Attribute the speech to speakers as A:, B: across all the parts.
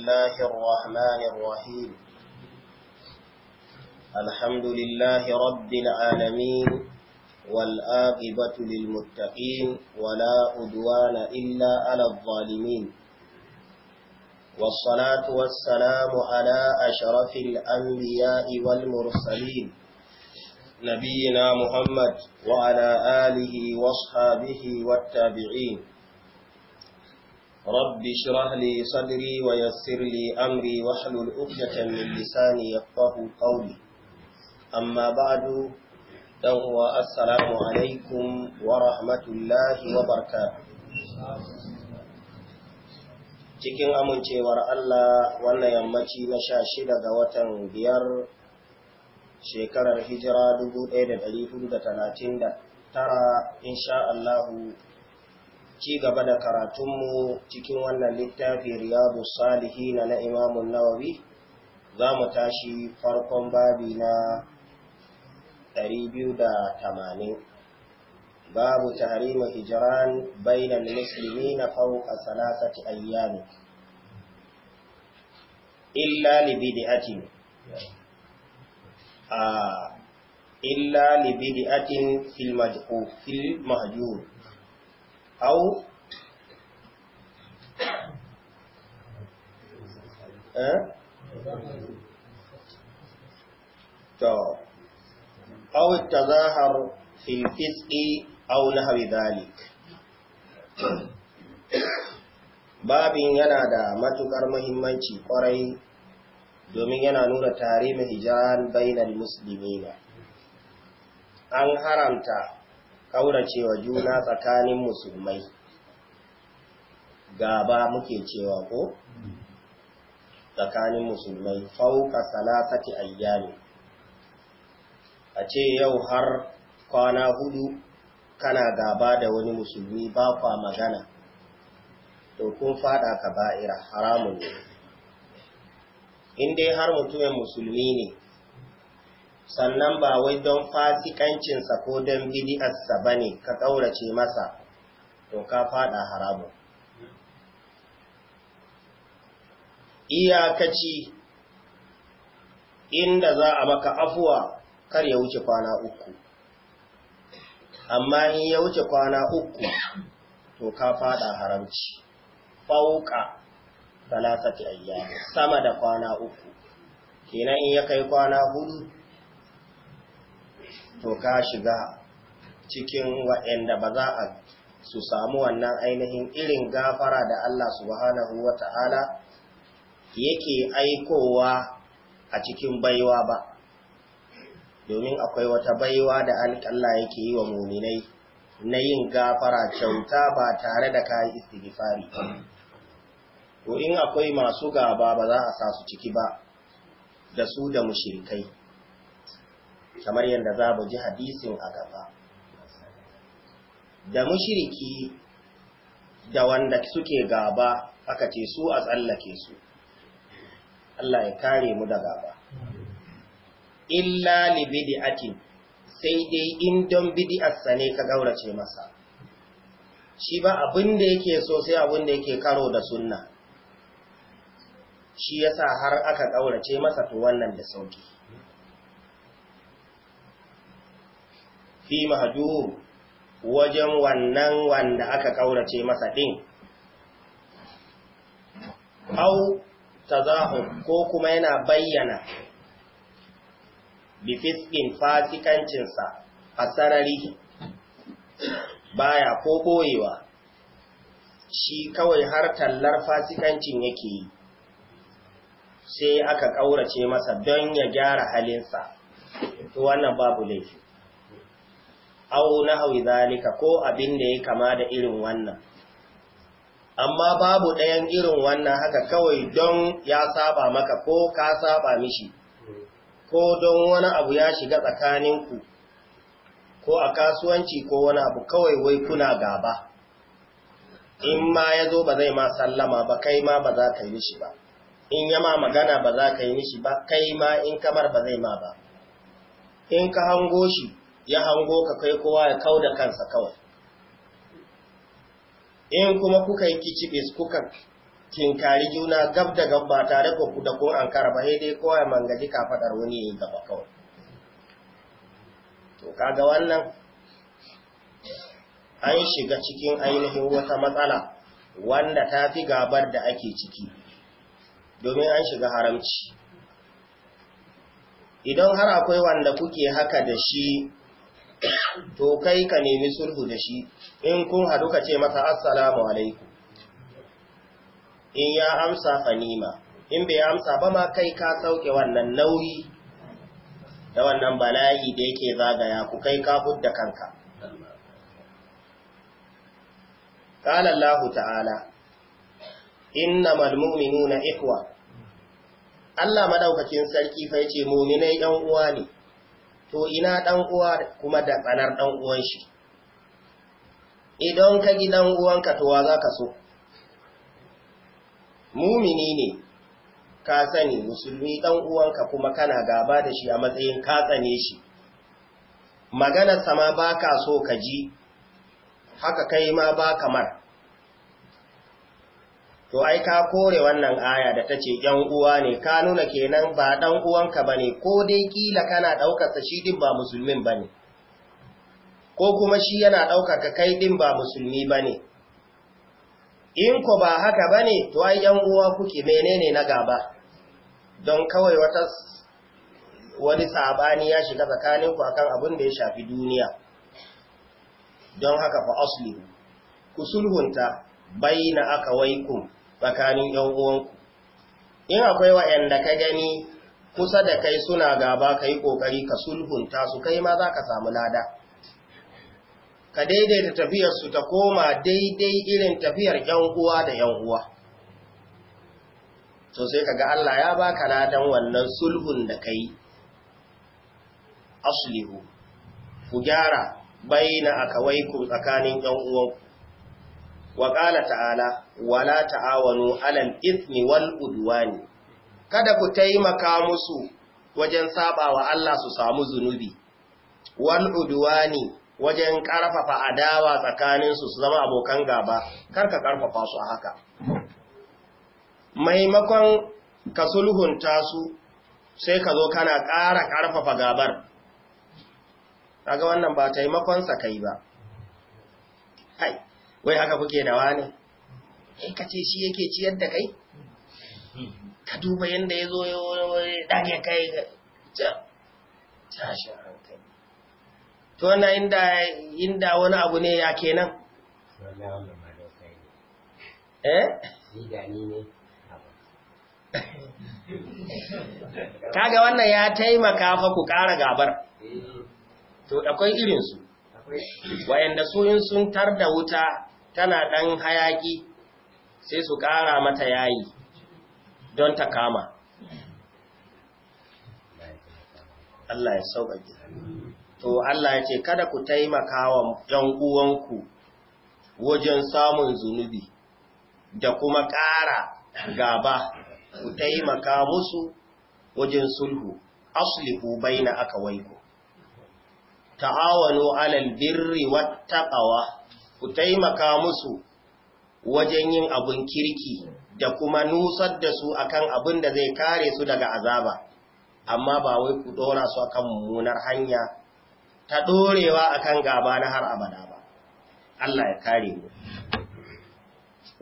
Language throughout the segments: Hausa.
A: الله الرحمن الرحيم الحمد لله رب العالمين والآقبة للمتقين ولا أدوان إلا على الظالمين والصلاة والسلام على أشرف الأنبياء والمرسلين نبينا محمد وعلى آله واصحابه والتابعين رب اشرح لي صدري ويسر لي أمري واحلل عقدة من لساني يفقه قولي أما بعد فهو السلام عليكم ورحمة الله وبركاته cikin amincewar Allah wannan yammaci na sha shida ga watan biyar shekarar hijira 1439 insha Allahu ci gaba da karatunmu cikin wannan littafin riyadu Salihi na imamun nawawi za mu tashi farkon babi na 280 babu tahrimu babu bainal muslimina fawqa salasati ayyam illa li a ah, illa li bid'atin fil au eh? to au tazahar fil babin yana da matukar muhimmanci kwarai domin yana nuna tarihin hijan bainal muslimina an haramta kauracewa juna tsakanin musulmai gaba muke cewa ko tsakanin musulmai fauka salasati ayyami a ce yau har kwana hudu kana gaba da wani musulmi ba kwa magana to kun fada ka ba'ira haramun ne in dai har mutumin musulmi ne sannan ba wai don fasikancinsa ko don bidi'arsa ba ne ka ƙaurace masa to ka faɗa haramun iyakaci inda za a maka afuwa kar ya wuce kwana uku amma in ya wuce kwana uku to ka fada haramci fauka talatati ayyami sama da kwana uku kenan in ya kai kwana hudu to ka shiga cikin waɗanda ba za a su samu wannan ainihin irin gafara da Allah subhanahu wa ta'ala yake aikowa a cikin baiwa ba, domin akwai wata baiwa da Allah yake yi wa muminai na yin gafara kyauta ba tare da kayan istighfari. ko in akwai masu gaba ba za a sa su ciki ba, da su da mushirikai. kamar yadda za mu ji hadisin a gaba da mushiriki da wanda suke gaba aka ce su a tsallake su Allah ya kare mu da gaba illa li sai dai in don bid'arsa ne ka gaurace masa shi ba abin da yake so sai abin da yake karo da sunna shi yasa har aka gaurace masa to wannan da sauki fi mahjur wajen wannan wanda aka kaurace masa ɗin au tazahum ko kuma yana bayyana bifiskin fasikancinsa a sarari baya ko boyewa shi kawai har tallar fasikancin yake yi sai aka ƙaurace masa don ya gyara halinsa to wannan babu laifi au na zalika ko abin da ya kama da irin wannan amma babu ɗayan irin wannan haka kawai don ya saba maka ko ka saba mishi ko don wani abu ya shiga tsakaninku ko a kasuwanci ko wani abu kawai wai kuna gaba in ma ya zo ba zai ma sallama ba kai ma ba za ka yi mishi ba in ya ma magana ba za ka yi mishi ba kai ma in kamar ba zai ma ba in ka hango shi ya hango ka kai kowa ya kau da kansa kawai in kuma kuka yi kicibis kuka tinkari juna gab da gab ba tare ku da kun an ba dai kowa ya mangaji kafadar wani ya yi gaba kawai to kaga wannan an shiga cikin ainihin wata matsala wanda ta fi gabar da ake ciki domin an shiga haramci idan har akwai wanda kuke haka da shi to kai ka nemi sulhu da shi in kun haɗu ka ce masa assalamu alaikum in ya amsa fanima in bai amsa ba ma kai ka sauke wannan nauyi da wannan bala'i da yake zagaya ku kai ka da kanka qala allah ta'ala Inna innamal mu'minuna ikwa Allah madaukakin sarki fa yace mu'minai 'yan uwa ne to ina ɗan uwa kuma da tsanar ɗan uwan shi idan ka gi uwanka to wa za ka so mumini ne ka sani musulmi ɗan uwanka kuma kana gaba da shi a matsayin ka tsane shi maganarsa ma ba ka so ka ji haka kai ma ba kamar to ai ka kore wannan aya da ta ce ‘yan uwa ne, ka nuna kenan ba ɗan uwanka ba ne, ko dai ƙila kana ɗaukarsa shi ɗin ba musulmin ba ne, ko kuma shi yana ɗaukarka kai ɗin ba musulmi ba ne. In ko ba haka ba ne, to ai ‘yan uwa kuke menene na gaba, don kawai wata wani saɓani ya shiga tsakanin ku akan abin da ya shafi duniya, don haka fa asli, ku sulhunta. Baina aka waikun tsakanin ‘yan uwanku. In akwai wa'yanda ka gani kusa da kai suna gaba ka yi ƙoƙari ka sulhunta su kai ma za ka samu lada. Ka daidaita tafiyarsu ta koma daidai irin tafiyar ‘yan uwa da ‘yan uwa. So sai ka ga Allah ya ba ka ladan wannan sulhun da ka yi. Aslihu, ku gyara a kawai ku tsakanin ‘yan uwanku. wa ƙala ta'ala, wala ta'awanu alal ismi wal kada ku taimaka musu wajen saɓawa Allah su samu zunubi, wal udwani wajen ƙarfafa adawa tsakaninsu su zama abokan gaba, karka ƙarfafa su haka. Maimakon ka sulhunta su sai ka zo kana ƙara ƙarfafa gabar, kaga wannan ba taimakonsa kai ba. Hai. wai haka kuke da wani? eh ka ce shi yake ciyar da kai ka duba yadda ya zo ɗage kai
B: cashin hankali
A: to na inda wani abu ne ya kenan
B: eh kaga wannan ya
A: taimaka fa ku ƙara gabar eh. to akwai irinsu wayanda su in sun tar da wuta tana ɗan hayaƙi sai su ƙara mata yayi don ta kama. Allah ya sauƙaƙi. To Allah ya ce, Kada ku taimaka wa ‘yan uwanku wajen samun zunubi da kuma ƙara gaba, ku taimaka musu wajen sulhu, aslihu baina aka waiku. Ta'awano alal birri wa taɓawa. ku taimaka musu wajen yin abun kirki da kuma nusar da su akan abin da zai kare su daga azaba amma ba wai ku dora su akan mummunar hanya ta dorewa akan gaba na har abada ba Allah ya kare mu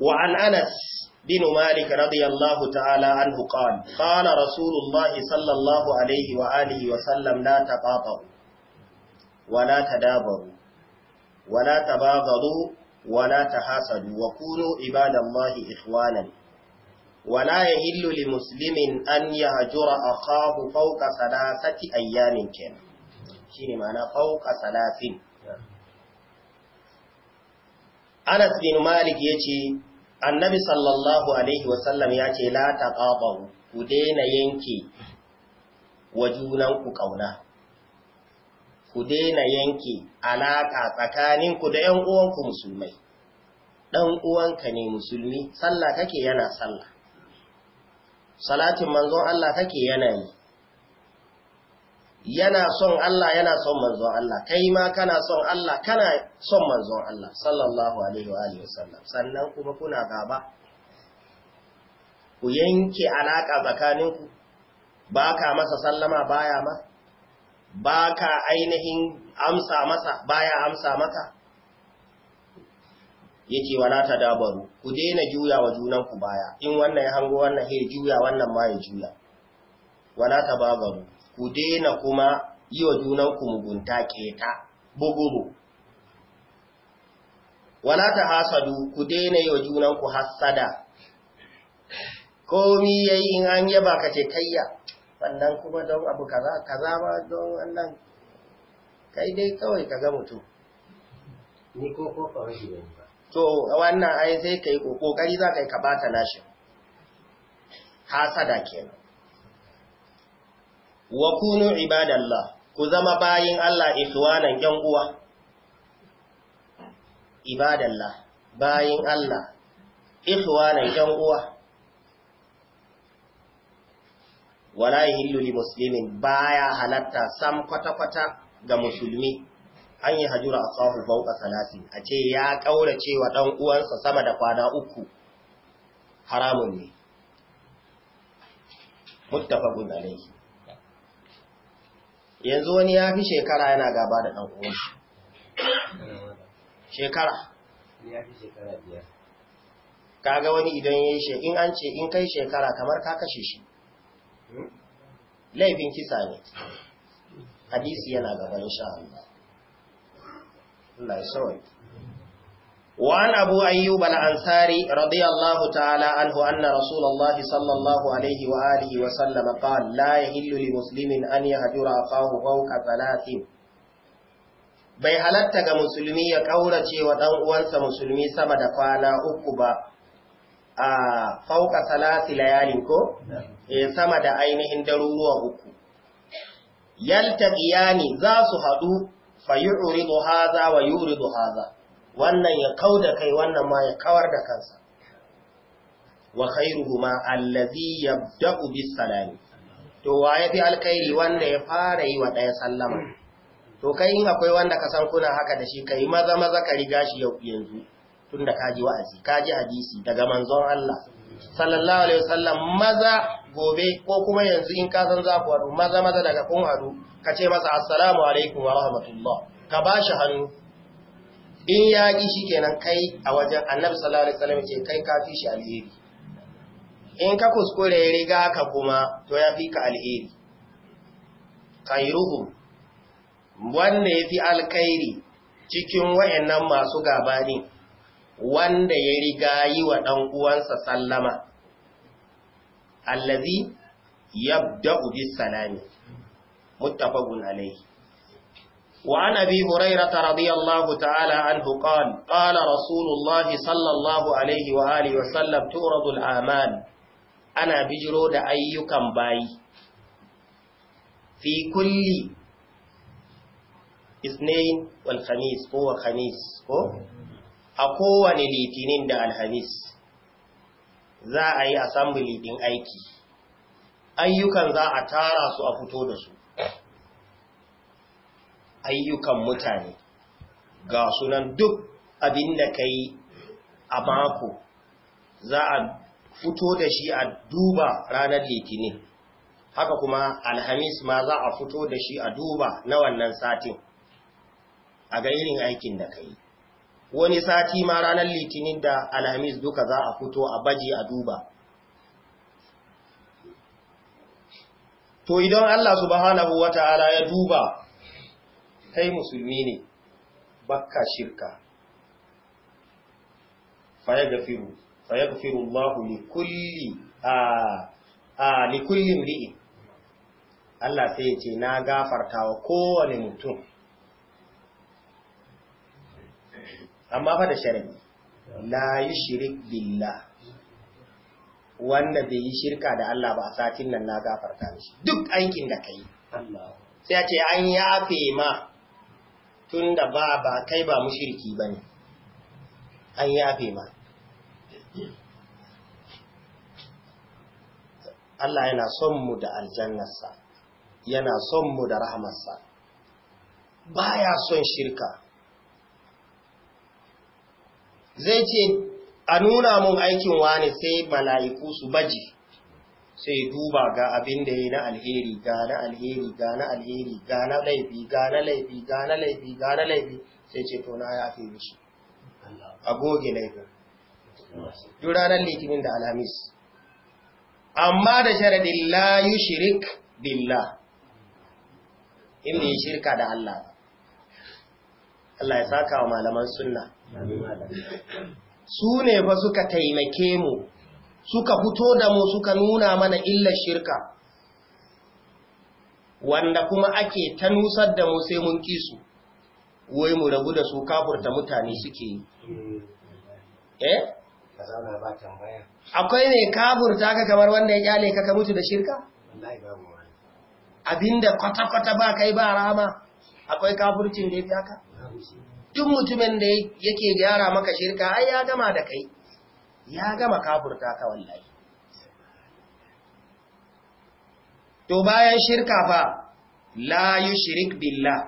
A: wa al'anas, anas bin malik radiyallahu ta'ala anhu qala Rasulun rasulullah sallallahu alaihi wa alihi wa sallam la taqatu wa ta dabaru. wala tabaghadu wala tahasadu wa kunu ibadallahi ikhwanan wala yahillu limuslimin an yahjura akahu fawqa salasati ayyamin kenan shine ma'ana fawqa salasin Anas bin Malik yace Annabi sallallahu alaihi wasallam yace la ba ku daina yanke wa junanku ƙauna. ku daina yanke alaƙa tsakaninku da ‘yan uwanku musulmai, ɗan uwanka ne musulmi, sallah kake yana sallah, salatin manzon Allah kake yana ne? yana son Allah yana son manzon Allah, kai ma kana son Allah kana son manzon Allah, sallallahu Alaihi wa sallam, sannan kuma kuna gaba, ku yanke alaƙa tsakaninku, ba ka masa sallama baya ma. ba ka ainihin amsa masa baya amsa maka ya wala ta dabaru ku daina juya wa junanku baya in wannan ya hango wannan ya juya wannan ma ya juya wala ta babaru ku daina kuma yi wa junanku mugunta keta bugubu wala ta hasadu ku daina yi wa junanku hassada komi yayi in an yaba ka ce kayya wannan kuma don abu kaza kaza ma don wannan kai dai kawai ka ga mutum
B: ni ko ko fa shi ne
A: to wannan ai sai kai kokari za kai ka bata nashi hasada kenan wa kunu ibadallah ku zama bayin Allah ikhwanan yan uwa ibadallah bayin Allah ikhwanan yan uwa wala yahillu li muslimin baya halatta sam kwata-kwata ga musulmi an yi hajura asahu fawqa salasin a ce ya kaurace wa dan uwansa sama da kwana uku haramun ne muttafaqun alayhi yanzu wani ya fi shekara yana gaba da dan shi. shekara ya fi shekara biyar kaga wani idan yayi she in an ce in kai shekara kamar ka kashe shi laifin kisa ne hadisi yana gaban sha Allah Allah ya shawai وعن أبو أيوب الأنصاري رضي الله تعالى عنه أن رسول الله صلى الله عليه وآله وسلم قال لا يهل لمسلم أن يهجر أخاه فوق ثلاث bai halarta ga musulmi ya ƙaurace wa ɗan uwansa musulmi sama da kwana uku ba a fauka salasi layalin ko eh sama da ainihin daruruwa uku yaltaqiyani za su hadu fayuridu haza wa yuridu haza wannan ya kauda kai wannan ma ya kawar da kansa wa khairuhuma allazi yabda'u bis salami to waye fi alkhairi wanda ya fara yi wa daya sallama to kai in akwai wanda ka san kuna haka da shi kai maza maza ka riga shi yau yanzu tunda kaji wa'azi kaji hadisi daga manzon Allah
B: sallallahu alaihi
A: wasallam maza gobe ko kuma yanzu in ka san za ku maza maza daga kun hadu ka ce masa assalamu alaikum wa rahmatullah ka ba shi hannu in ya ki kenan kai a wajen annabi sallallahu alaihi wasallam ce kai ka fi shi alheri in ka kuskure riga ka kuma to ya fi ka alheri khairuhum wanda ya fi alkhairi cikin wayannan masu gaba wanda ya riga yi wa ɗan uwansa sallama allazi yabda'u bis salami muttafaqun alayhi وعن أبي هريرة رضي الله تعالى عنه قال قال رسول الله صلى الله عليه وآله وسلم تورد الآمان أنا بجرود أيكم باي في كل اثنين والخميس هو خميس هو a kowane litinin da alhamis za a yi asambili din aiki ayyukan za a tara su a fito da su ayyukan mutane ga sunan duk abin da ka yi a mako za a fito da shi a duba ranar litinin haka kuma alhamis ma za a fito da shi a duba na wannan satin a ga irin aikin da ka yi wani sati ma ranar litinin da alhamis duka za a fito a baji a duba to idan Allah subhanahu ta’ala ya duba kai musulmi ne bakka shirka fayagfiru fayagfiru Allah likulli a a Allah sai ya ce na gafarta wa kowane mutum amma fa da sharadi la shirik billah wanda bai yi shirka da Allah ba a satin nan na gafarta mishi duk aikin da kai sai a ce an yafe ma da ba ba kai ba ba ne? an yafe ma Allah yana son mu da aljannarsa yana son mu da rahamarsa Ba ya son shirka zai ce a nuna mun aikin wani sai mala'iku su baje sai duba ga abin da ya na alheri ga na alheri ga na alheri ga na laifi ga na laifi ga na laifi ga na laifi sai ce to na ya fi mishi a goge laifin duranar litinin da alhamis amma da sharadin layu shirik billah inda bai shirka da Allah Allah ya saka wa malaman sunna su ne fa suka taimake mu suka fito da mu suka nuna mana illa shirka wanda kuma ake ta nusar da mu sai mun kisu wai mu rabu da su kafurta mutane suke yi eh akwai ne kafurta ka kamar wanda ya kyale ka ka mutu da shirka abinda kwata-kwata ba kai ba rama akwai kafurcin da ya fi haka duk mutumin da yake gyara maka shirka ai ya gama da kai ya gama kafurta ka wallahi to bayan shirka fa la yushrik billah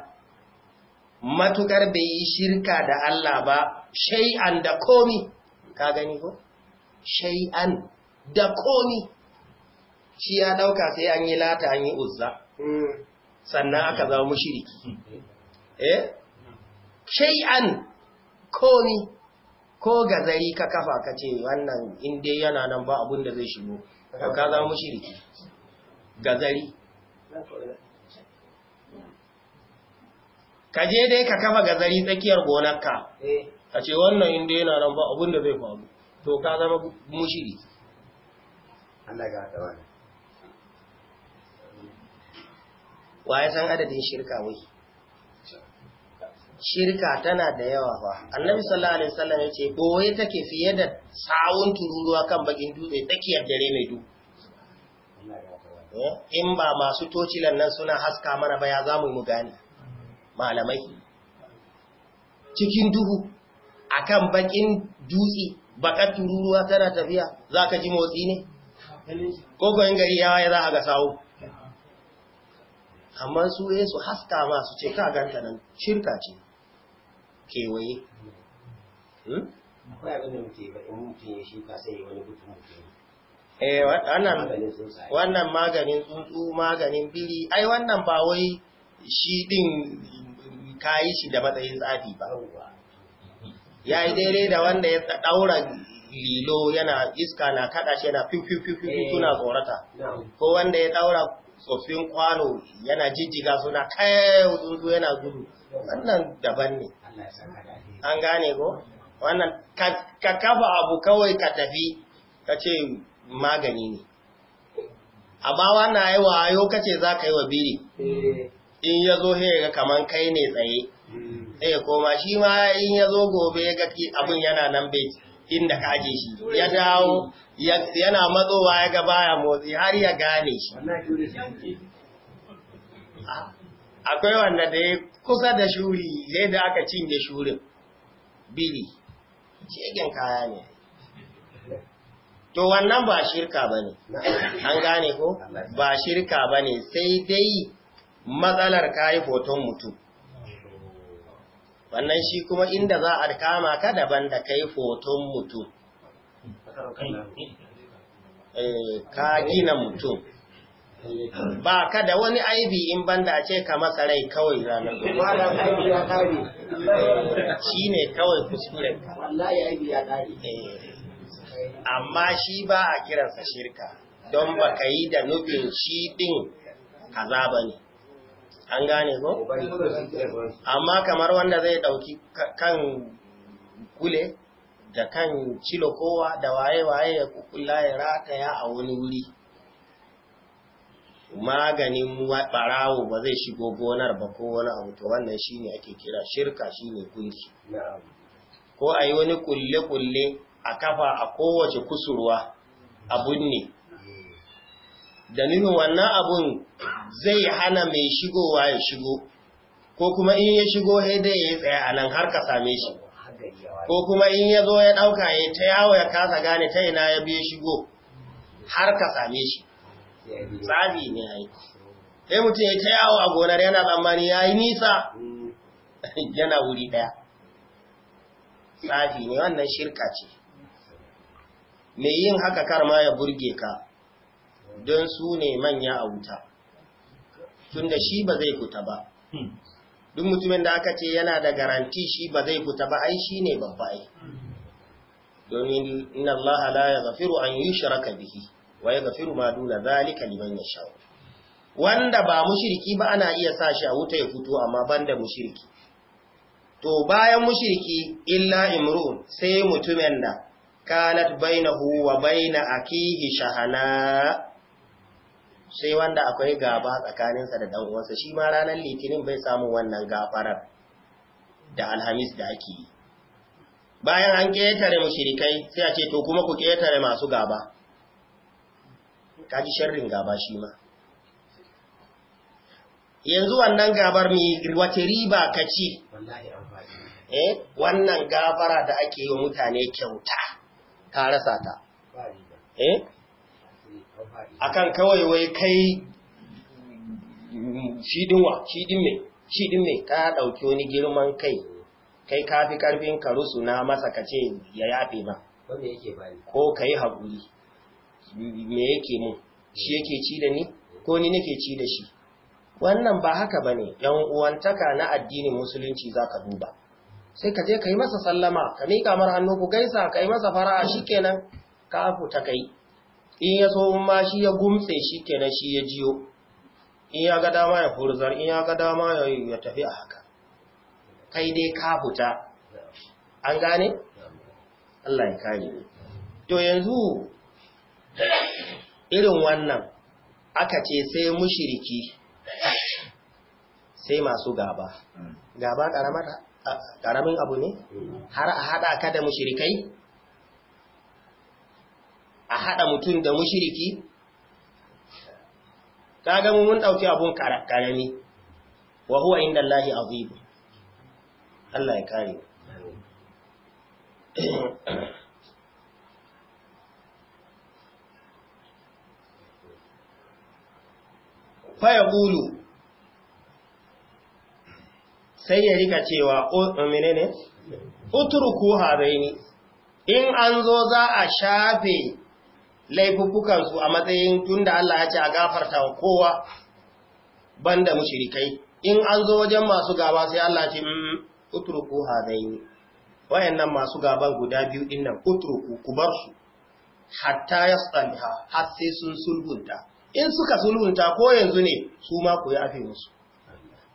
A: matukar bai yi shirka da Allah ba shay'an da komi ka gani ko shay'an da komi shi ya dauka sai an yi lata an yi uzza hmm. sannan aka zama mushriki eh shay'an komi ko gazari ka kafa ka ce wannan inda yana nan ba abun da zai shigo ka za mu shirki gazari ka je dai ka kafa gazari tsakiyar gonarka eh. ka ce wannan inda yana nan ba abun da zai faru to ka zama mu
B: Allah ga
A: Wa ya san adadin shirka wai shirka tana da yawa ba annabi sallallahu alaihi wasallam yace boye take fiye da sawun tururuwa kan bakin dutse tsakiyar dare mai du eh, in ba masu tocilan nan suna haska mana ba ya zamu mu gane malamai cikin duhu akan bakin dutse bakar tururuwa tana tafiya zaka ji motsi ne ko ko in gari yawa ya za ga sawu amma su eh, su haska masu ce ka ganta nan shirka ce kewaye wannan maganin tsuntsu maganin biri ai wannan ba wai shi din kayi shi da matsayin tsafi ba ya yi daidai da wanda ya ɗaura lilo yana iska na kaɗa shi yana fifififi eh. suna tsorata ko wanda ya ɗaura tsoffin kwano yana jijjiga suna kayan tsuntsu yana gudu wannan daban ne an gane ko wannan ka kafa abu kawai ka tafi ka ce magani ne amma wannan yi wayo ka ce za ka yi wa biri eh. in ya zo ga kaman kai ne tsaye sai hmm. eh, koma shi ma in ya zo gobe ga abin yana nan bai inda ka aje shi ya dawo yana matsowa ya ga baya motsi har ya gane shi akwai wanda da ya kusa da shuri zai da aka cinye shurin bili cikin kaya ne to wannan ba shirka ba ne an gane ko ba shirka ba ne sai dai matsalar kayi hoton mutum wannan shi kuma inda za a kama ka daban da kai hoton mutum eh, ka gina mutum ba ka da wani aibi in banda a ce ka masa rai kawai ranar eh, shi ne kawai kuskuren ka eh, amma shi ba a kiransa shirka don ba ka yi da nufin shi din kaza ba ne an gane ko amma kamar wanda zai ɗauki kan kule da kan cilo kowa da waye-waye ya kukula ya rataya a wani wuri maganin barawo ba zai shigo gonar ba ko wani abu to wannan shine ake kira shirka shine gunki ko ayi wani kulle-kulle a kafa a kowace kusurwa a binne da nufin wannan abun zai hana mai shigowa ya shigo ko kuma in ya shigo haida ya tsaya a nan har ka same shi ko kuma in ya zo ya ɗauka ya ta yawo ya kasa gane ta ina ya biye shigo har ka same shi tsari ne ya yi sai mutum ya ta yawo a gonar yana tsammani ya yi nisa yana wuri ɗaya tsafi ne wannan shirka ce mai yin haka kar ma ya burge ka don su ne manya a wuta tunda shi ba zai fita ba hmm. duk mutumin da aka ce yana da garanti shi ba zai fita ba ai shi ne babba ai domin inna allaha la zafiru an shiraka bihi wa zafiru ma duna zalika liman shawo. wanda ba mushriki ba ana iya sa shi a wuta ya fito amma banda mushriki to bayan mushriki illa imrun sai mutumin da kanat bainahu wa baina akihi shahana sai wanda akwai gaba tsakaninsa da dan uwansa shi ma ranar litinin bai samu wannan gafarar da alhamis da ake yi bayan an ƙetare mashirikai sai a ce to kuma ku ƙetare masu gaba kaji sharrin gaba shi ma yanzu wannan gabar mai wace riba ka ci eh, wannan gafara da ake yi wa mutane kyauta ta rasa ta eh akan kawai wai kai shidin wa shidin mai shidin mai ka dauki wani girman kai kai kafi karfin ka rusu na masa kace ya yafe ma
B: wanda yake yi ko
A: hakuri me yake mu shi yake ci da ni ko ni nake ci da shi wannan ba haka ba ne. yan uwantaka na addinin musulunci zaka duba sai ka je ka yi masa sallama ka miƙa mar hannu ku gaisa ka yi masa fara'a shikenan ka afu ta kai in ya so ma shi ya gumtse shi kenan shi ya jiyo in ya ga dama ya furzar in ya ga dama ya tafi a haka kai dai ka huta an gane Allah ya kare to yanzu irin wannan aka ce sai mushiriki sai masu gaba hmm. gaba karamin abu ne har a haɗa ka da mushirikai a haɗa mutum da mushiriki? Kaga mun ɗauki abun ƙarami, wa huwa inda Allahi azibu. Allah ya kare. Faya ƙulu sai ya rika cewa, "O, menene? Uturu ko haɗe ne, in an zo za a shafe Laifukansu a matsayin tun da Allah ya ce a gafarta wa kowa da mushrikai in an zo wajen masu gaba sai Allah ce mm, utruku hadaini wayannan masu gaban guda biyu din nan utruku ku bar su hatta yasaliha har sai sun sulhunta in suka sulhunta ko yanzu ne su ma ku yi afi musu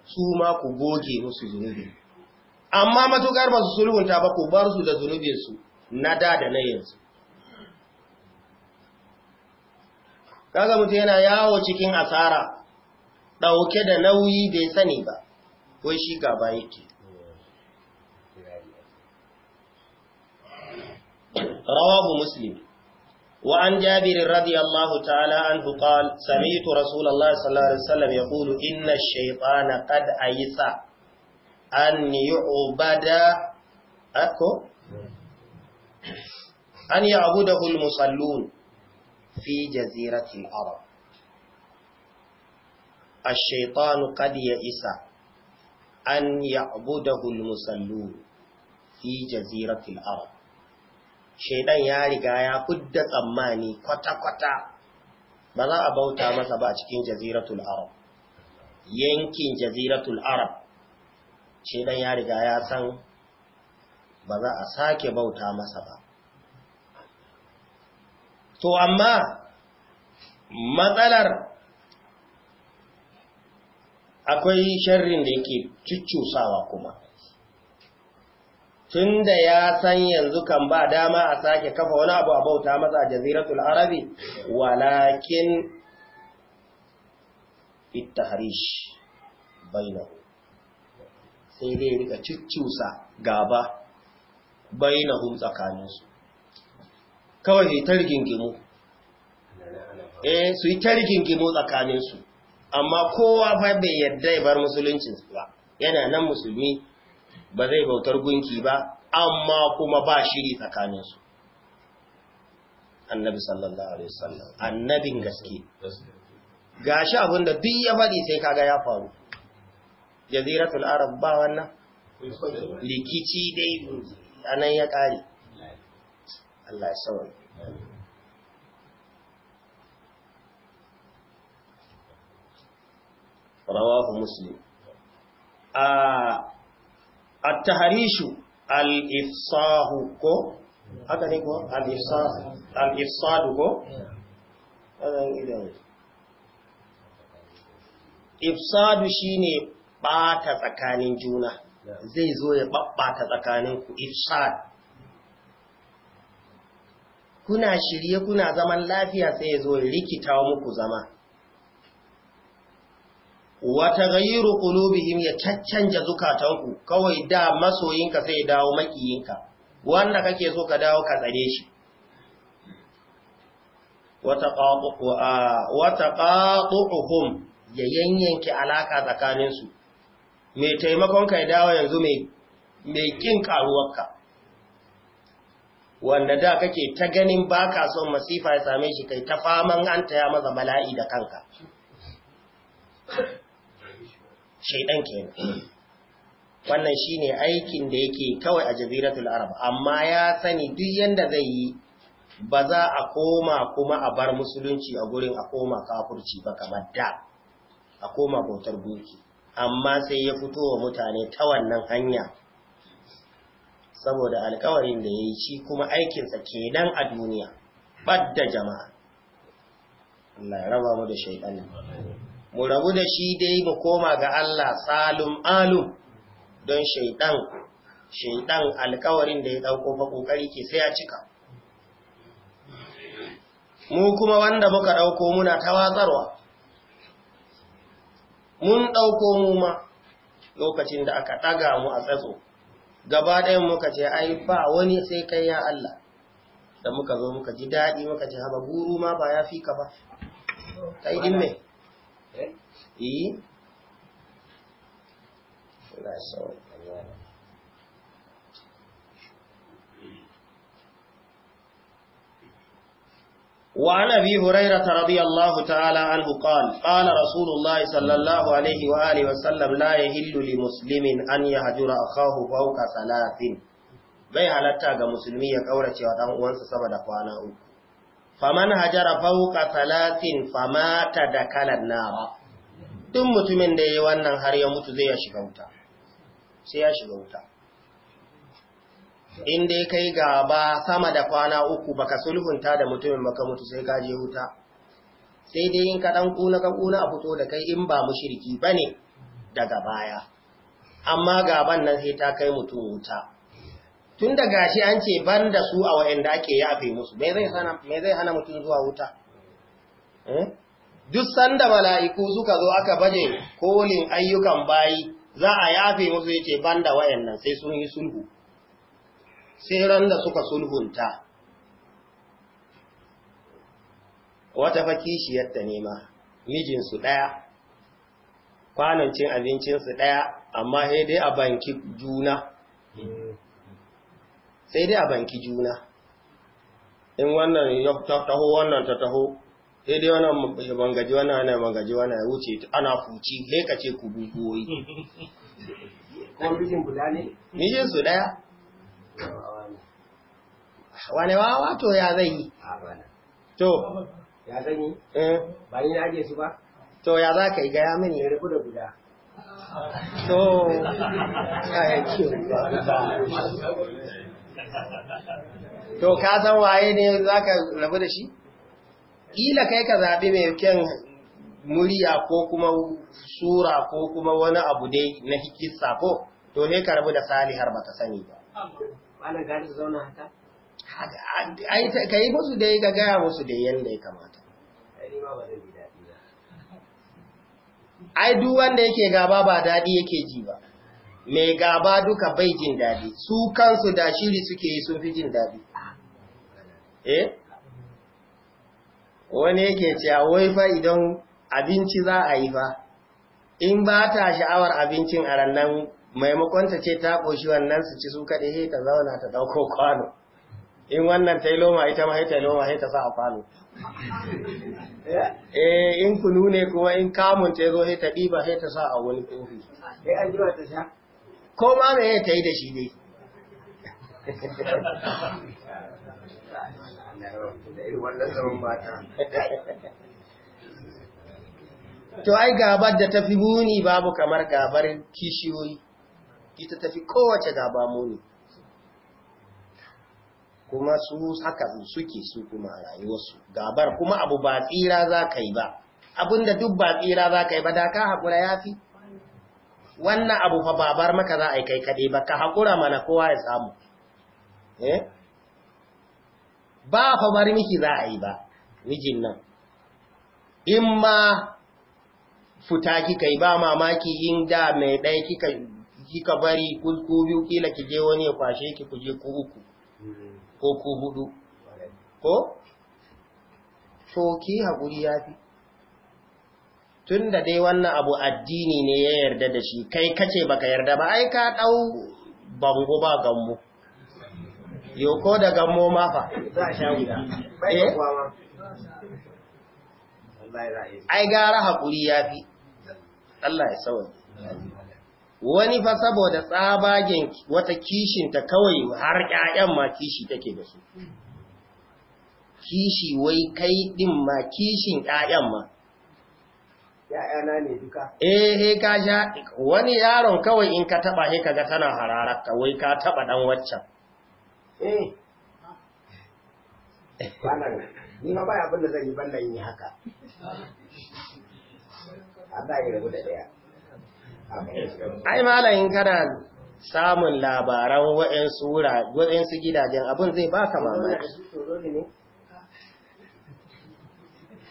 A: su ma ku goge musu zunubi amma matukar ba su sulhunta ba ku bar su da zunubinsu na da da na yanzu kaga mutum yana yawo cikin asara ɗauke da nauyi bai sani ba wai shi gaba yake رواه مسلم وعن جابر رضي الله تعالى عنه قال سمعت رسول الله صلى الله عليه وسلم يقول إن الشيطان قد أيس أن يعبد أكو أن يعبده المصلون fi jaziratil arab الشيطان قد يئس أن يعبده المسلون في جزيرة العرب shaidan ya riga ya fudda tsammani kwata-kwata ba za a bauta masa ba a cikin jaziratul arab yankin jaziratul arab shaidan ya riga ya san ba za a sake bauta masa ba to amma matsalar akwai sharrin da yake cuccusawa kuma tun da ya san yanzu kan ba dama a sake kafa wani abu a bauta matsa a jaziratul arabi walakin ittaharish bainahu sai dai rika cuccusa gaba hun tsakaninsu kawai su yi ta rigingimu eh su yi ta tsakaninsu amma kowa fa bai yadda ya bar musuluncinsu ba yana nan musulmi ba zai bautar gunki ba amma kuma ba shiri tsakaninsu annabi sallallahu alaihi wasallam annabin gaske gashi abinda duk ya faɗi sai kaga ya faru jaziratul arab ba wannan likici dai anan ya ƙare Allah ya sauri rawahu muslim a at-tahrishu al-ifsahu ko haka ne ko al-ifsahu ifsadu ko ifsadu shine bata tsakanin juna zai zo ya babbata tsakanin ku ifsad kuna shirye kuna zaman lafiya sai ya zo rikita muku zama wata gayiru qulubihim ya caccanja zukatanku kawai da masoyinka sai ya dawo makiyinka wanda kake so ka dawo ka tsare shi wata ƙaƙuƙuhum ya yanyanke alaƙa tsakaninsu mai taimakonka ya dawo yanzu mai ƙin ƙaruwarka wanda da kake ta ganin baka son masifa ya same shi kai ta faman an ya maza bala'i da kanka shaidan kenan wannan shi ne aikin da yake kawai a jaziratul arab amma ya sani duk yadda zai yi ba za a koma kuma a bar musulunci a gurin a koma kafurci ba kamar da a koma bautar gunki amma sai ya fito wa mutane ta wannan hanya saboda alkawarin da ya yi shi kuma aikinsa kenan a duniya badda jama'a Allah ya raba mu da shaidan mu rabu da shi dai mu koma ga Allah salum alum don shaidan shaidan alkawarin da ya ɗauko ba ƙoƙari ke sai ya cika mu kuma wanda muka ɗauko muna ta watsarwa mun ɗauko mu ma lokacin da aka ɗaga mu a tsatso gaba ɗayan muka ce ai ba wani sai kai ya Allah da muka zo muka ji daɗi muka ce haba guru ma ba ya fi ka ba kai din
B: me eh, eh?
A: وعن أبي هريرة رضي الله تعالى عنه قال قال رسول الله صلى الله عليه وآله وسلم لا يهل لمسلم يهجر فوق ثلاث bai halatta ga musulmi ya kaurace wa dan uwansa saboda da kwana uku faman hajara fawqa salatin famata da kalan nara duk mutumin da yayi wannan har ya mutu zai ya shiga wuta sai ya shiga wuta in dai kai gaba sama da kwana uku baka sulhunta da mutumin baka mutu sai kaje wuta sai dai in kaɗan kuna ka kuna a fito da kai in ba mushirki ba ne daga baya amma gaban nan sai ta kai mutum wuta tun da gashi an ce ban da su a wa'anda ake yafe musu me zai hana mutum zuwa wuta eh? duk sanda mala'iku suka zo aka baje kolin ayyukan bayi za a yafe musu ya ce ban da wa'annan sai sun yi sulhu sai ran da suka sulhunta wata fa kishiyarta ne ma mijinsu ɗaya kwanan cin abincinsu ɗaya amma sai dai a banki juna sai dai a banki juna in wannan ya taho wannan ta taho sai dai wannan ya bangaji wannan wannan bangaji wannan ya wuce ana fuci sai ka ce ku bugoyi ko mijin guda ne mijin su ɗaya wani wawa to ya zai yi to ya zai yi eh. ba ni na ake su ba to ya za ka yi gaya mini ya rabu da guda
B: to ya yi to ka san
A: waye ne za ka rabu da shi ƙila kai ka zaɓi mai kyan murya ko kuma sura ko kuma wani abu dai na hikisa ko to ne ka rabu da salihar ba ta sani ba. Ana gani haka? ka yi musu dai ga gaya musu da yadda ya kamata ai duk wanda yake gaba ba daɗi yake ji ba mai gaba duka bai jin daɗi su kansu da shiri suke yi sun fi jin daɗi eh wani yake cewa wai fa idan abinci za a yi fa in ba ta sha'awar abincin a rannan maimakon ta ce ta ƙoshi wannan su ci su kaɗe ta zauna ta ɗauko kwano in wannan ta yi loma ita ma ta yi loma ta sa a kwano eh in kunu ne kuma in kamun ta zo ta ɗiba ta sa a wani kofi ko ma me ta yi da shi ne to ai gabar da tafi muni babu kamar gabar kishiyoyi ita tafi kowace gaba muni kuma su haka suke su kuma a rayuwarsu gabar kuma abu ba tsira za ka yi ba abinda duk ba tsira za ka yi ba da ka haƙura ya fi wannan abu fa babar maka za a yi kai kaɗe ba ka haƙura mana kowa ya samu eh? ba fa bari miki za a yi ba mijin nan in ma fita kika yi ba mamaki in da mai ɗaya kika bari ku biyu kila ki je wani ya kwashe ki ku ku uku mm-hmm. ko ku hudu ko to ki haƙuri ya fi tun da dai wannan abu addini ne ya yarda da shi kai kace baka yarda ba ai ka ɗau bango ba gammo yoko da gammo mafa eh? ai gara haƙuri ya fi Allah ya sauwa wani fa saboda tsabagen wata kishinta kawai har ƴaƴan ma kishi take da su kishi wai kai din ma kishin ƴaƴan ma ƴaƴana ne duka eh he ka ja wani yaron kawai in ka taba he kaga tana hararka wai ka taba dan waccan eh ni ma baya abin da zan yi ban da yi haka
B: Allah ya rabu da daya ai malayin
A: kana samun labaran waɗansu gidajen abin zai baka mamaki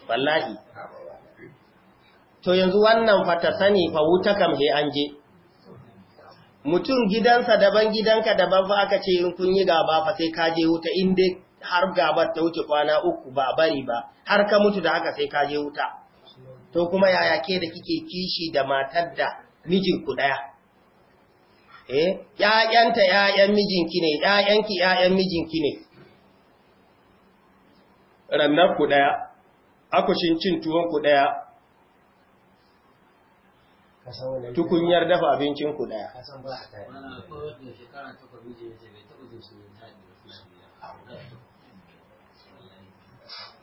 A: wallahi to yanzu wannan fata sani fa wuta kam he an je mutum gidansa daban gidanka daban fa aka ce in kun yi gaba fa sai ka je wuta in dai har gabar ta wuce kwana uku ba bari ba har ka mutu da haka sai ka je wuta to kuma yaya ke da kike kishi da matar da mijin ku ɗaya. Eh, ‘ya'yanta ‘ya'yan mijinki ne, ‘ya'yanki ‘ya'yan mijinki ne, rannar ku ɗaya, akushin cin tuwon ku ɗaya, tukunyar dafa abincin ku ɗaya.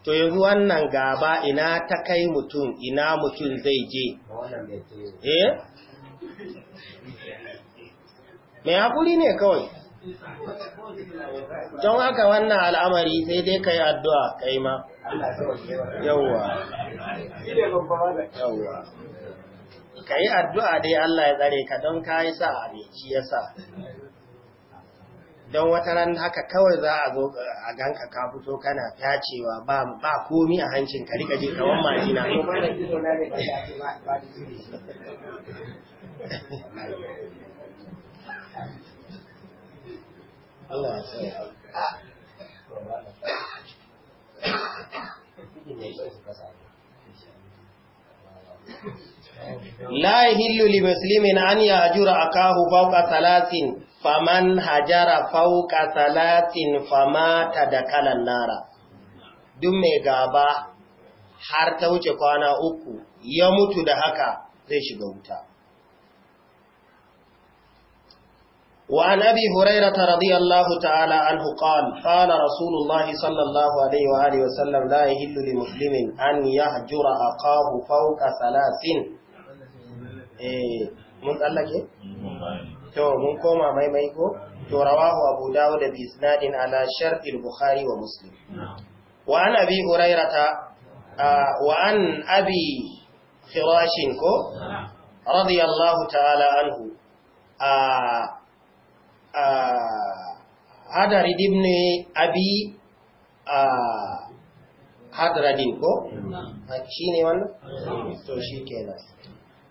A: to yanzu wannan gaba ina ta kai mutum ina mutum zai je eh mai haƙuri ne kawai
B: don haka wannan al'amari
A: sai dai ka yi addu'a ka yi ma yauwa ka yi addu'a dai Allah ya tsare ka don ka yi sa abinci ya sa don wata ran haka kawai za a zo a ganka ka fito kana tacewa ba ba komi a hancin ka rika jin kawan majina Allah
B: La yahillu li
A: muslimin an yahjura akahu fawqa faman hajara fauka salatin famata da kalan nara, duk mai gaba har ta wuce kwana uku ya mutu da haka zai shiga wuta. وعن أبي هريرة رضي الله تعالى عنه قال قال رسول الله صلى الله عليه وآله وسلم لا يهل لمسلم أن يهجر أقاه فوق ثلاث إيه من قال لك
B: إيه؟
A: to mun koma maimai ko to rawahu abu dawud bi isnadin ala shart al-bukhari wa muslim wa an abi hurairata wa an abi firashin ko radiyallahu ta'ala anhu a a hadarid ibn abi a hadradin ko shine wannan
B: to shikenan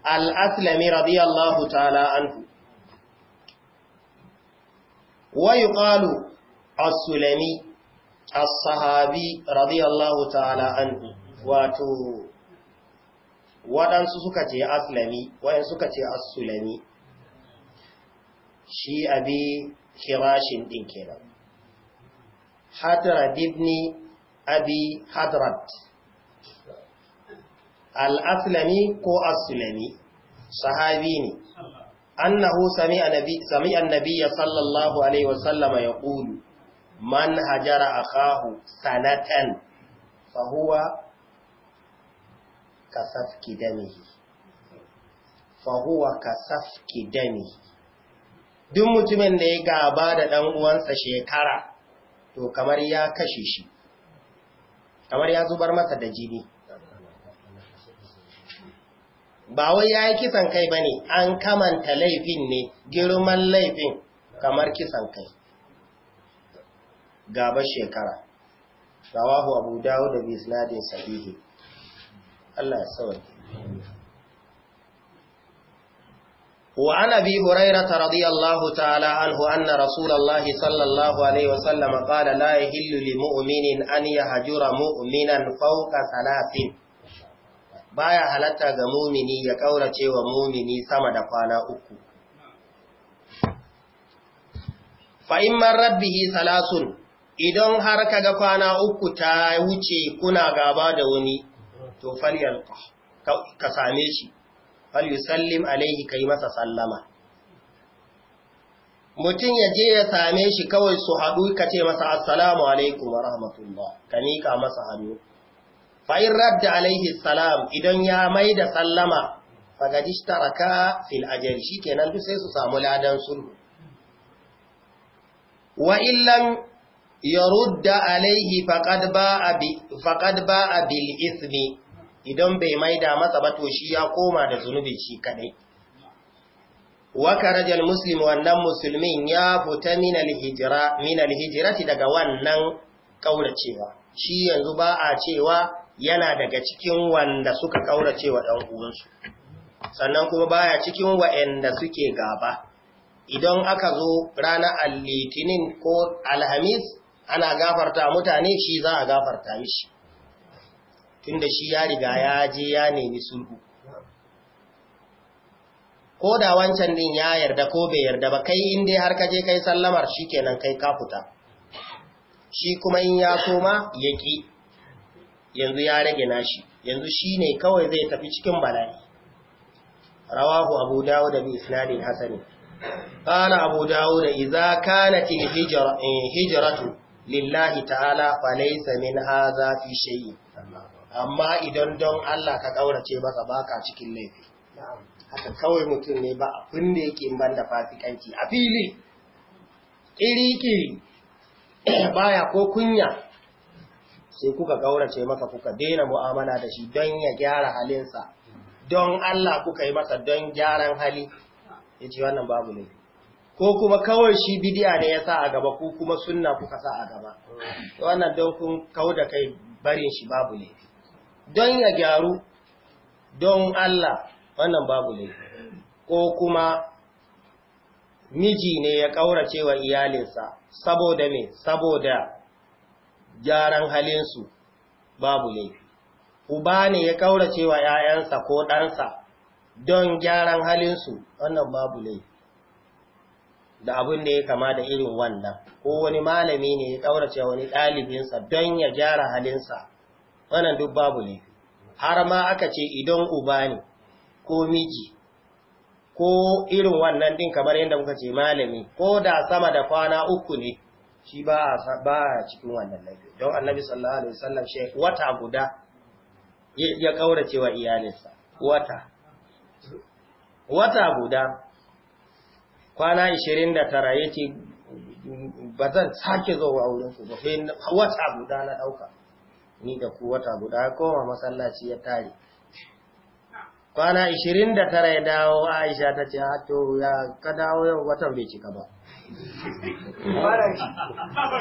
A: al-aslami radiyallahu ta'ala anhu wa yuqalu as-sulami a sahabi radiyallahu ta'ala anhu wato waɗansu suka ce aslami waɗansu suka ce as-sulami shi abi kirashin din kenan hadrad ibn abi hadrat al-aslami ko asulami sahabi ne annahu sami'a nabi sami'a nabiyya sallallahu alaihi wasallama ƙulu man hajara akahu sanatan fa kasafki damihi fa kasafki damihi duk mutumin da ya gaba da dan uwansa shekara to kamar ya kashe shi kamar ya zubar masa da jini ba wai ya yi kisan kai ba ne an kamanta laifin ne girman laifin kamar kisan kai gaba shekara rawahu abu dawo da bisnadin sahihi Allah ya sauke wa an abi hurairah radiyallahu ta'ala anhu anna rasulullah sallallahu alaihi wasallam qala la yahillu lil mu'minin an yahjura mu'minan fawqa thalathin baya halatta ga mumini ya kaurace wa mumini sama da kwana uku fa'imman rabbihi salasun idan har kaga kwana uku ta wuce kuna gaba da wani to falyar ka same shi falyusallim alaihi kai masa sallama mutum ya je ya same shi kawai su haɗu kace masa assalamu alaikum wa rahmatullah ka miƙa masa hannu fa'in radda alaihi salam idan ya mai da sallama fagadish taraka fil shi kenan duk sai su samu ladan sulhu wa illan ya rudda alaihi faƙad ba a bil ismi idan bai mai da masa ba to shi ya koma da zunubi shi kadai wakarajal muslim wannan musulmin ya fita minal hijirati daga wannan kauracewa shi yanzu ba a cewa yana daga cikin wanda suka kaurace wa ɗan uwansu sannan kuma baya cikin wa'anda suke gaba idan aka zo ranar litinin ko alhamis ana gafarta mutane shi za a gafarta mishi tunda shi ya riga ya je ya nemi sulhu ko da wancan din ya yarda ko bai yarda ba kai in dai har je kai sallamar shi kenan kai ka shi kuma in ya so ma yaki yanzu ya rage nashi yanzu shi ne kawai zai tafi cikin bala'i rawahu abu dawud bi isnadin hasani qala abu dawud idza kanat eh, hijratu lillahi ta'ala fa laysa min hadha fi amma idan don Allah ka kaurace masa baka cikin laifi haka kawai mutum ne ba abin da yake ban fasikanci a fili kiri-kiri baya ko kunya sai kuka kaurace maka kuka daina mu'amala da shi don ya gyara halinsa don Allah kuka yi masa don gyaran hali ya ce wannan babu ne ko kuma kawai shi bidiya ne ya sa a gaba ko kuma sunna kuka sa a gaba wannan don kun kawo da kai barin shi babu ne don ya gyaru don Allah wannan babu ne ko kuma miji ne ya ƙaurace wa iyalinsa saboda me saboda gyaran halinsu babu laifi. Uba ne ya ƙaurace wa ‘ya'yansa ko ɗansa don gyaran halinsu wannan babu laifi. Da abin da ya kama da irin wannan, ko wani malami ne ya ƙaurace wani ɗalibinsa don ya gyara halinsa, wannan duk babu laifi. Har ma aka ce idan uba ne ko miji. ko irin wannan din kamar yadda muka ce malami ko da sama da kwana uku ne shi ba a cikin wannan laifi don annabi sallallahu alaihi wasallam shi wata guda ya kaurace wa iyalinsa wata wata guda kwana 29 yace ba zan sake a wurin ku ba sai wata guda na dauka ni da ku wata guda koma masallaci ya tare kwana 29 ya dawo Aisha ta ce a ah, to ya ka dawo yau watan bai cika ba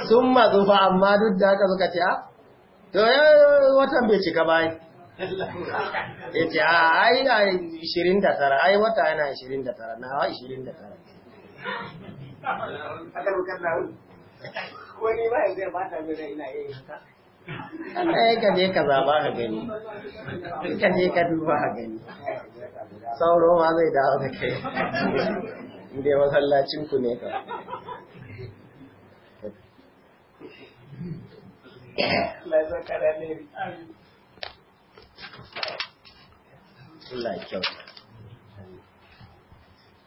A: sun matsu fa amma duk da haka suka ce a ah, to ya eh, watan bai cika bai
B: ya ce a ah,
A: ai na 29 ai wata yana 29 na hawa 29
B: wani ba ya zai bata mina ina yin haka
A: eh, ka je ka zaba ka gani,
B: ka ne ka duba ka gani, sauro ma zai dawo da kai. inda
A: masallacin ku ne ka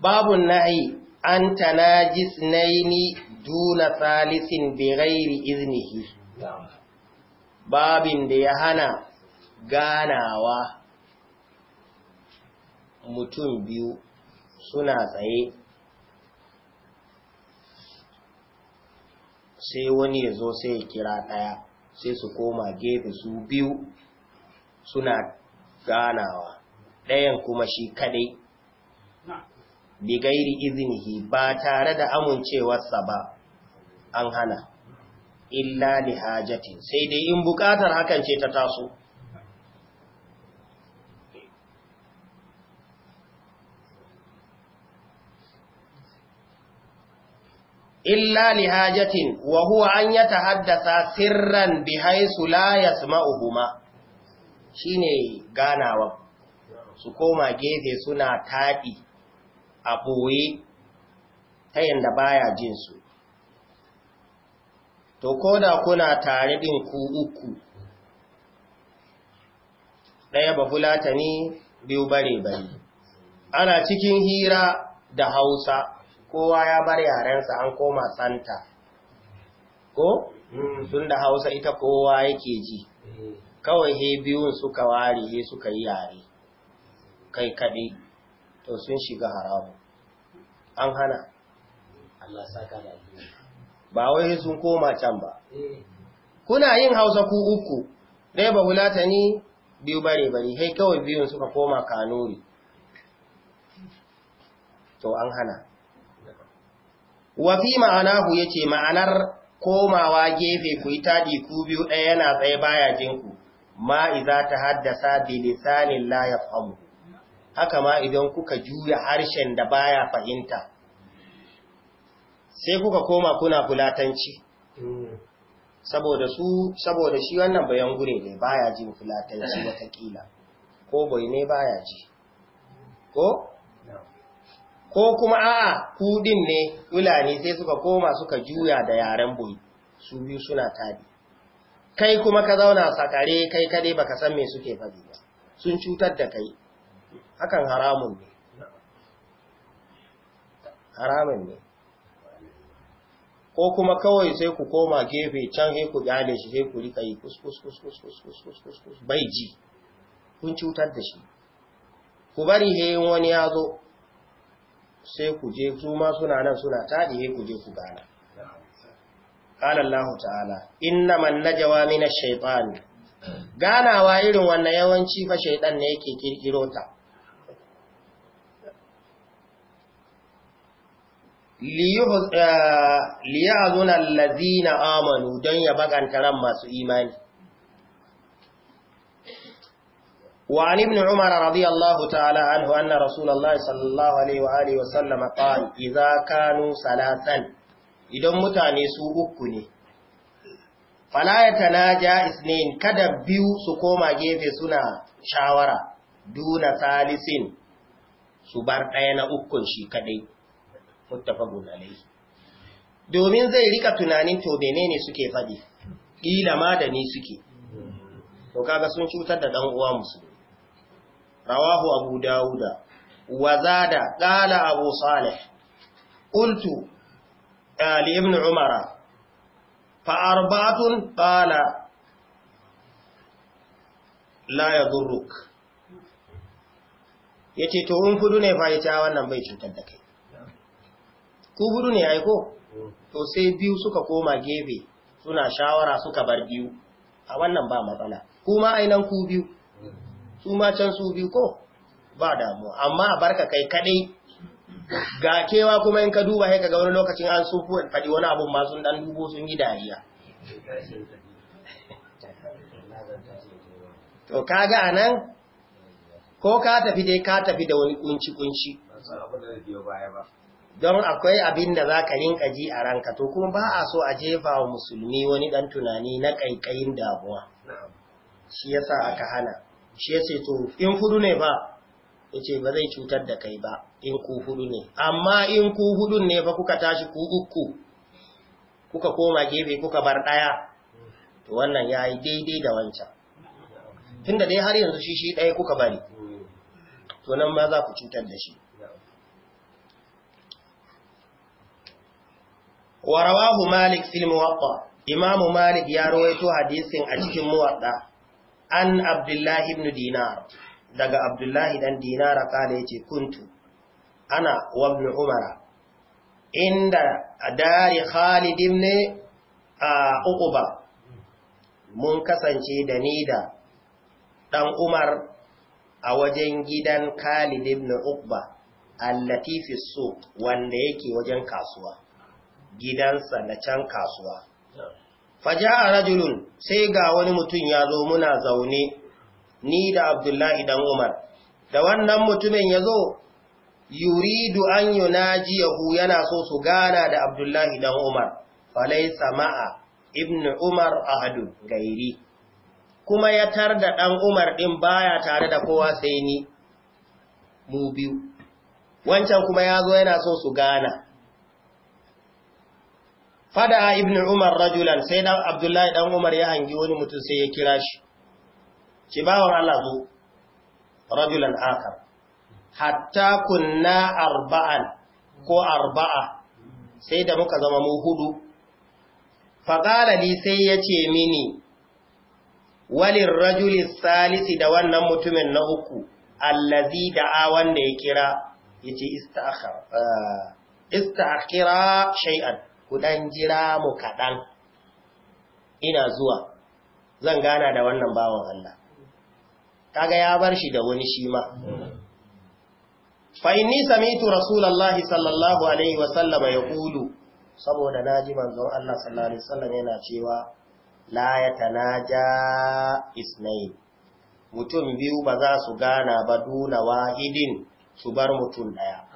A: Babu na'i an tanajis naini duna salisin birairi iznihi. Babin da ya hana ganawa mutum biyu suna tsaye sai wani ya zo sai ya kira ɗaya sai su koma gefe su biyu suna ganawa ɗayan kuma shi kadai bigairi izinihi ba tare da amincewarsa ba an hana illa li hajati sai dai in bukatar hakan ce ta taso illa li hajatin wa huwa an tahaddasa sirran bihaisu la yasma'uhuma shine ganawa su koma gefe suna taɗi a ɓoye ta yanda baya jin su to da kuna tare ɗin ku uku ɗaya ba ne biyu bare bare ana cikin hira da Hausa kowa ya bar yarensa an koma santa ko mm. tun da hausa ita kowa yake ji mm. kawai he biyun suka ware he suka yi yare kai kaɗi? to sun shiga haramu an hana ba wai sun koma can ba mm. kuna yin hausa ku uku dai ba hulata ni biyu bare bare hai kawai biyun suka koma kanuri to an hana wa fi ma'anahu yace ma'anar komawa gefe ku yi taɗi ku biyu ɗaya yana tsaye baya jinku ma iza ta haddasa bi lisanin la yafhamu haka ma idan kuka juya harshen da baya fahimta sai kuka koma kuna fulatanci saboda su saboda shi wannan bayan gure ne baya jin fulatanci wata kila ko bai ne baya ji ko ko kuma a'a kudin ne fulani sai suka koma suka juya da yaren boyi su biyu suna tadi kai kuma ka zauna sakare kai kade baka san me suke faɗi ba sun cutar da kai hakan haramun ne haramun ne ko kuma kawai sai ku koma gefe can sai ku gane shi sai ku rika yi kuskus
B: kuskus kuskus kuskus bai ji
A: kun cutar da shi ku bari hayin wani ya zo sai ku je su ma suna nan suna taɗiye ku je ku gana ƙalallahu ta'ala inna man jawa mina shaitani ganawa irin wannan yawanci fa shaitan ne yake kirkiro ta eh, liyahzuna na amanu don ya baƙanta ran masu imani وعن ابن عمر رضي الله تعالى عنه أن رسول الله صلى الله عليه وآله وسلم قال إذا كانوا ثلاثا إذا متاني سوءكني فلا يتناجى اثنين كذا بيو سكوما جيفي سنة شاورة دون ثالث سبار أين أكن شي كدي متفق عليه domin zai rika tunanin to menene suke faɗi ƙila ma da ni suke to kaga sun cutar da dan uwa musulmi rawahu abu dawuda وزاد قال أبو صالح قلت لابن عمر فأربعة قال لا يضرك yace to in hudu ne fa ita wannan bai cutar da kai ku hudu ne aiko to sai biyu suka koma gefe suna shawara suka bar biyu a wannan ba matsala kuma ainan ku biyu su ma can su biyu ko ba damuwa amma a barka kai kaɗai, ga kewa kuma in ka duba haika ga wani lokacin an su faɗi wani abun ma sun dan dubo sun yi dariya to kaga anan ko ka tafi dai ka tafi da wani kunci kunci don akwai abin da za ka rinka ji a ranka to kuma ba a so a jefa wa musulmi wani ɗan tunani na ƙaiƙayin damuwa shi yasa aka hana shi ya ce to in hudu ne ba ya ce ba zai cutar da kai ba in ku hudu ne amma in ku hudu ne ba kuka tashi ku uku kuka koma gefe kuka bar ɗaya to wannan ya yi daidai da wancan tunda dai har yanzu shi shi ɗaya kuka bari to nan ma za ku cutar da shi warawahu malik fil muwatta imamu malik ya rawaito hadisin a cikin muwatta an abdullahi ibn dinar daga abdullahi dan dinara kala yace kuntu ana wa ibn umara inda dari khalid ibn uquba mun kasance da ni da dan umar a wajen gidan khalid ibn uqba allati fi suq wanda yake wajen kasuwa gidansa na can kasuwa a rajulun sai ga wani mutum ya zo muna zaune ni da abdullahi dan umar da wannan mutumin ya zo yuridu an yahu yana so su gana da abdullahi dan umar falai sama'a ibn umar ahadun gairi kuma ya tar da dan umar din baya tare da kowa sai ni mu biyu wancan kuma ya zo yana so su gana fada ibn umar rajulan sai na abdullahi dan umar ya hangi wani mutum sai ya kira shi ci bawan Allah zo rajulan akar hatta kunna arba'an ko arba'a sai da muka zama mu hudu faqala li sai yace mini walin rajulis salisi da wannan mutumin na uku allazi da'a wanda ya kira yace ista'khara eh, ista'khira shay'an ku ɗan jira mu kaɗan ina zuwa zan gana da wannan bawan Allah kaga ya bar shi da wani shi ma fa samitu rasulullahi sallallahu alaihi wa ya yaqulu saboda naji manzon Allah sallallahu alaihi wasallam yana cewa la ja isnai, mutum biyu ba za su gana ba duna wahidin su bar mutum ɗaya.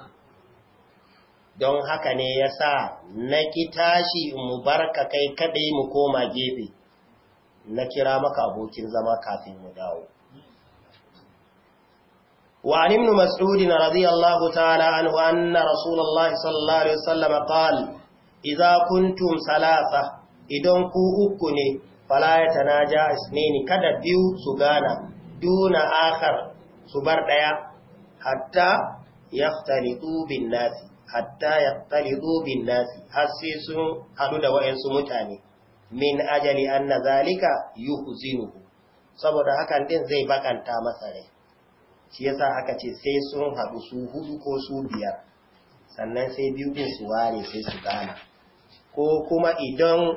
A: don haka ne ya sa na ki tashi mu barka kai kadai mu koma gefe na kira maka abokin zama kafin mu dawo wa ibn mas'ud radiyallahu ta'ala anhu anna rasulullahi sallallahu alaihi wasallam qala idza kuntum salasa idan ku uku ne fala ya tanaja isnini kada biyu su gana duna akhar su bar daya hatta yaftalitu bin nasi hatta ya talibu bin nasi har sai sun haɗu da wa'yansu mutane min ajali an na zalika yi yuhuzinuhu saboda hakan din zai bakanta masa rai shi yasa aka ce sai sun haɗu su hudu ko su biyar sannan sai biyu din su ware sai su gana ko kuma idan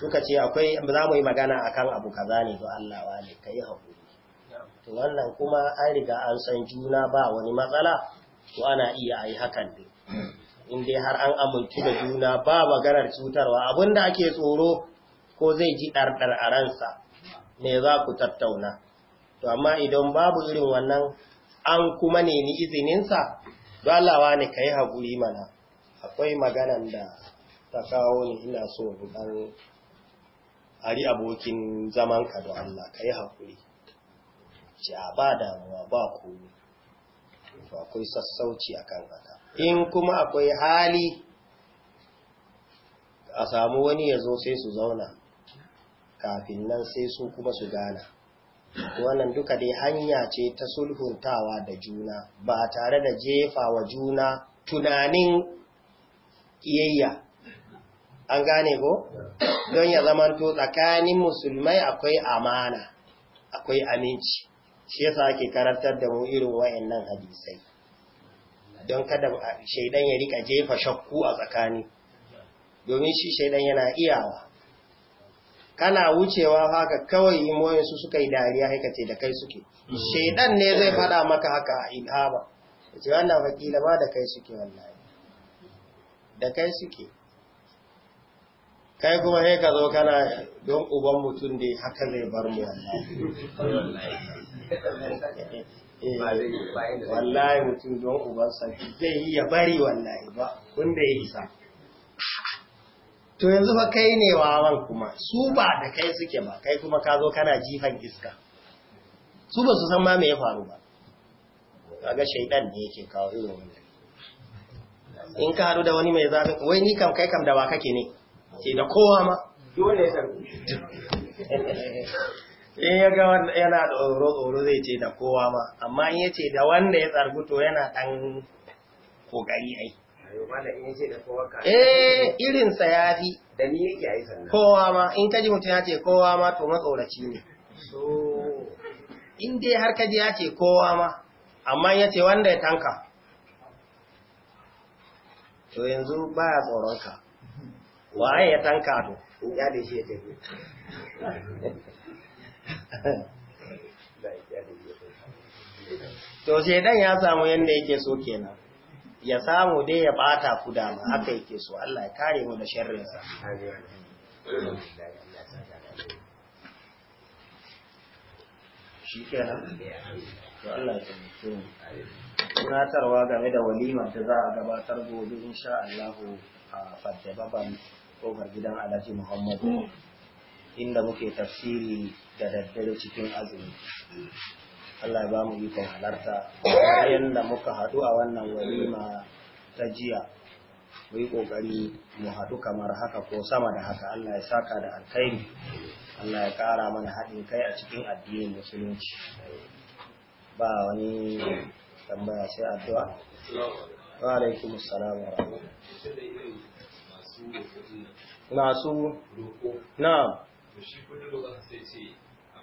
A: suka ce akwai za mu yi magana a kan abu kaza ne don Allah wane ka yi haƙuri to wannan kuma an riga an san juna ba wani matsala to ana iya a yi hakan din in dai har an amintu da juna ba maganar cutarwa abinda ake tsoro ko zai ji ɗarɗar a ransa ne za ku tattauna to amma idan babu irin wannan an kuma ni izininsa dalawa ne ka yi haƙuri mana akwai maganan da ta kawo ni ina so ɗan ari abokin zaman ka da Allah ka yi haƙuri ci ba damuwa ba ku to akwai sassauci kan haka in kuma akwai hali a samu wani ya zo sai su zauna kafin nan sai su kuma su gana wannan duka dai hanya ce ta sulhuntawa da juna ba tare da jefa wa juna tunanin kiyayya an gane ko don ya zamanto tsakanin musulmai akwai amana akwai aminci shi yasa ake karantar da mu irin wa'annan hadisai don kada shaidan ya rika jefa shakku a tsakani domin shi shaidan yana iyawa kana wucewa haka kawai moyin su suka yi dariya haikace da kai suke shaidan ne zai fada maka haka a ilhaba ce wannan fakila ma da kai suke wallahi da kai suke kai kuma ka zo kana don uban mutum da haka zai bar mu wallahi wallahi mutum don ubansa zai yi bari wallahi ba wanda ya isa to yanzu fa kai ne wawan kuma su ba da kai suke ba kai kuma ka zo kana jifan iska su ba su san ma me ya faru ba kaga shaidan ne yake kawo irin wannan in ka haɗu da wani mai zafi, wai ni kam kai kam da ba kake ne ce da kowa ma
B: dole ya
A: in ya ga yana tsoro-tsoro zai ce da kowa ma amma in ya ce da wanda ya tsarguto yana ɗan ƙoƙari ai eh irinsa ya fi da ni yake ai sannan kowa ma in kaji mutum ya ce kowa ma to matsoraci ne in dai har kaji ya ce kowa ma amma ya ce wanda ya tanka to yanzu ba ya tsoronka waye ya tanka to in ya da shi ya tafi to dan ya samu yanda yake so kenan ya samu dai ya bata ku dama haka yake so Allah ya kare mu da sharrinsa
B: shi to Allah ya mu game da walima
A: da za a gabatar gobe insha Allah a Fadda Baban gidan Alhaji Muhammadu inda muke tafsiri da daddare cikin azumi Allah ya ba mu ikon halarta bayan da muka haɗu a wannan walima ta jiya mu yi ƙoƙari mu haɗu kamar haka ko sama da haka Allah ya saka da alkhairi Allah ya ƙara mana haɗin kai a cikin addinin musulunci ba wani tambaya sai addu'a wa alaikum assalam wa
B: rahmatullahi
A: masu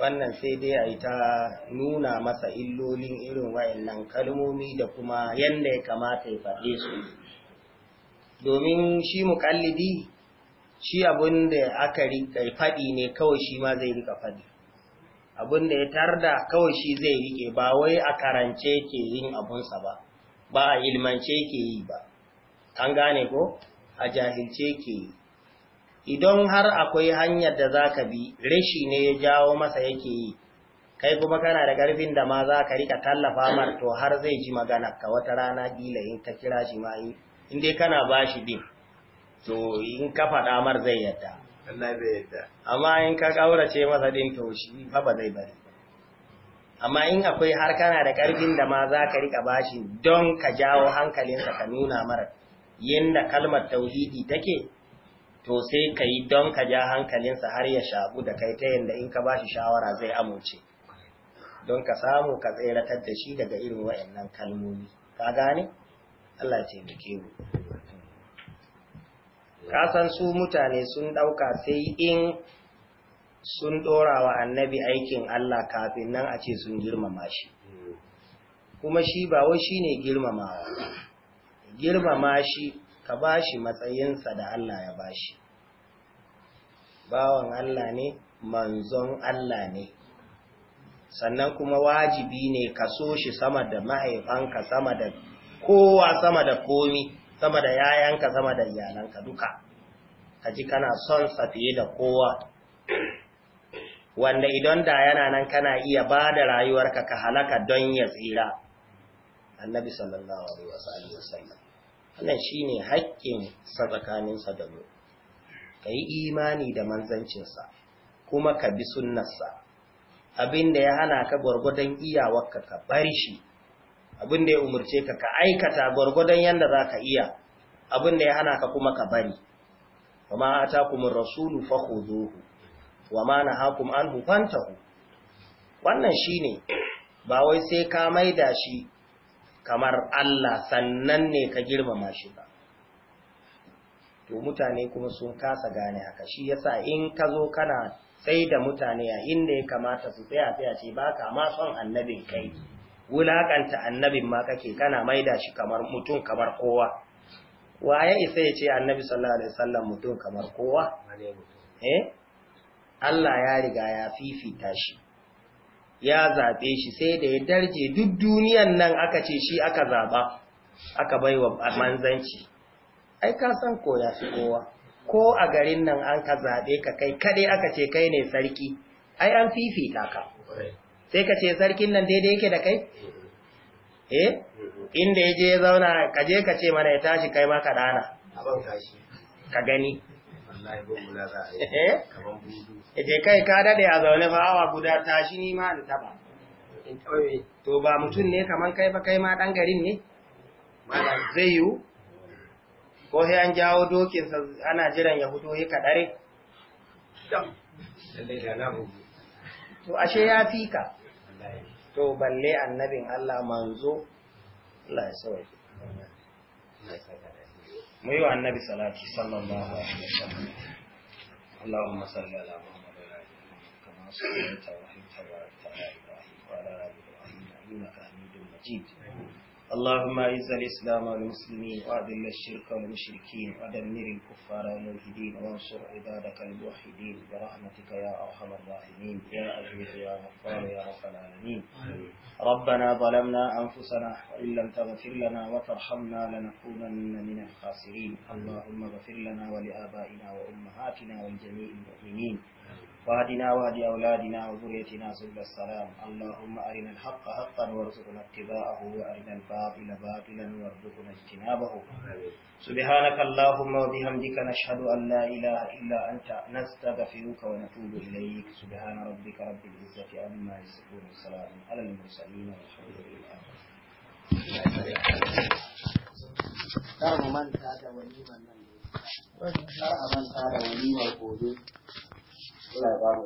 A: wannan sai dai a yi ta nuna masa illolin irin wa'annan kalmomi da kuma yadda ya kamata ya faɗe su domin shi mukallidi shi abin da aka faɗi ne kawai shi ma zai rika faɗi abin da ya tarda kawai shi zai rike ba wai a karance ke yin abunsa ba ba a ilmance ke yi ba an gane ko a jahilce ke yi idan har akwai hanyar da za ka bi rashi ne ya jawo masa yake yi kai kuma kana da ƙarfin da ma za ka rika tallafa mar to har zai ji magana ka wata rana ƙila in ka kira shi ma in dai kana ba shi din to in ka faɗa mar zai yadda amma in ka ƙaurace masa din to shi fa ba zai bari amma in akwai har kana da ƙarfin da ma za ka rika shi don ka jawo hankalinsa ka nuna mara yadda kalmar tauhidi take to sai ka yi don ka ja hankalinsa har ya shaƙu da kai ta yadda in ka ba shi shawara zai amince don ka samu ka tseratar da shi daga irin wa'annan kalmomi ka gane Allah ce da ke ka san su mutane sun ɗauka sai in sun ɗora wa annabi aikin Allah kafin nan a ce sun girmama shi kuma shi ba wai shi ne girmamawa girmama shi ka ba shi matsayinsa da Allah ya ba shi. bawan Allah ne manzon Allah ne sannan kuma wajibi ne ka so shi sama da mahaifanka sama da kowa sama da komi sama da yayanka sama da iyalanka duka ka ji kana son sa fiye da kowa wanda idan da yana nan kana iya ba da rayuwarka ka halaka don ya tsira annabi sallallahu alaihi wasallam wannan shine haƙƙin sa tsakaninsa da mu ka yi imani da manzancinsa kuma ka bi sunnarsa abinda ya hana ka gwargwadon iyawarka ka bar shi abinda ya umarce ka ka aikata gwargwadon yadda za ka iya abinda ya hana ka kuma ka bari wa ma atakumur rasulu fakhuduhu wa ma an anhu fantahu wannan shine ba wai sai ka maida shi kamar Allah sannan ne ka girmama shi ba to mutane kuma sun kasa gane haka shi yasa in ka zo kana sai da mutane a inda ya kamata su tsaya tsaya ce ba ka ma son annabin kai Wulaƙanta annabin ma kake kana maida shi kamar mutum kamar kowa waye isa ya ce annabi sallallahu alaihi wasallam mutum kamar kowa eh Allah ya riga ya fifita shi ya zaɓe shi sai da ya darje duk duniyan nan aka ce shi aka zaɓa aka bai wa manzanci ai ka san ko ya fi kowa ko a garin nan an ka zaɓe ka kai kaɗai aka ce kai ne sarki ai an fifita ka sai ka ce sarkin nan daidai yake da kai eh inda ya je ya zauna ka je ka ce mana ya tashi kai ma ka ɗana ka gani je eh? eh, kai ka dade a zaune fa awa guda tashi ni ma in taba eh, to ba mutum ne kamar kai ba kai ma dan garin ne malam zai yiwu ko sai an jawo dokinsa ana jiran ya fito yi kadare to ashe ya fi ka to balle annabin Allah manzo Allah ya sauke Allah ya sauke mu yi wa annabi
B: salati sallallahu alaihi wasallam اللهم صل على محمد وعلى ال محمد كما صليت ورحمت وباركت على ابراهيم وعلى ال ابراهيم انك حميد
A: مجيد اللهم اعز الاسلام والمسلمين واذل الشرك والمشركين ودمر الكفار والملحدين وانصر عبادك الموحدين برحمتك يا ارحم الراحمين يا عزيز يا غفار يا رب العالمين ربنا ظلمنا انفسنا وان لم تغفر لنا وترحمنا لنكونن من الخاسرين اللهم اغفر لنا ولابائنا وامهاتنا ولجميع المؤمنين واهدنا واهد أولادنا وذريتنا سبل السلام اللهم أرنا الحق حقا وارزقنا اتباعه وأرنا الباطل باطلا
B: وارزقنا اجتنابه
A: سبحانك اللهم وبحمدك نشهد أن لا إله إلا أنت نستغفرك ونتوب إليك
B: سبحان ربك رب العزة عما يصفون السلام على المرسلين والحمد لله رب العالمين
A: manta da walimar من ne, kar 出来吧。